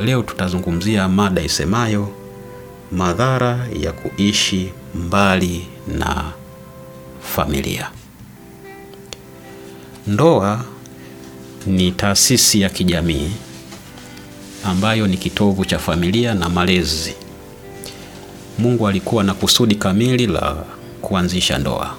Leo tutazungumzia mada isemayo madhara ya kuishi mbali na familia. Ndoa ni taasisi ya kijamii ambayo ni kitovu cha familia na malezi. Mungu alikuwa na kusudi kamili la kuanzisha ndoa.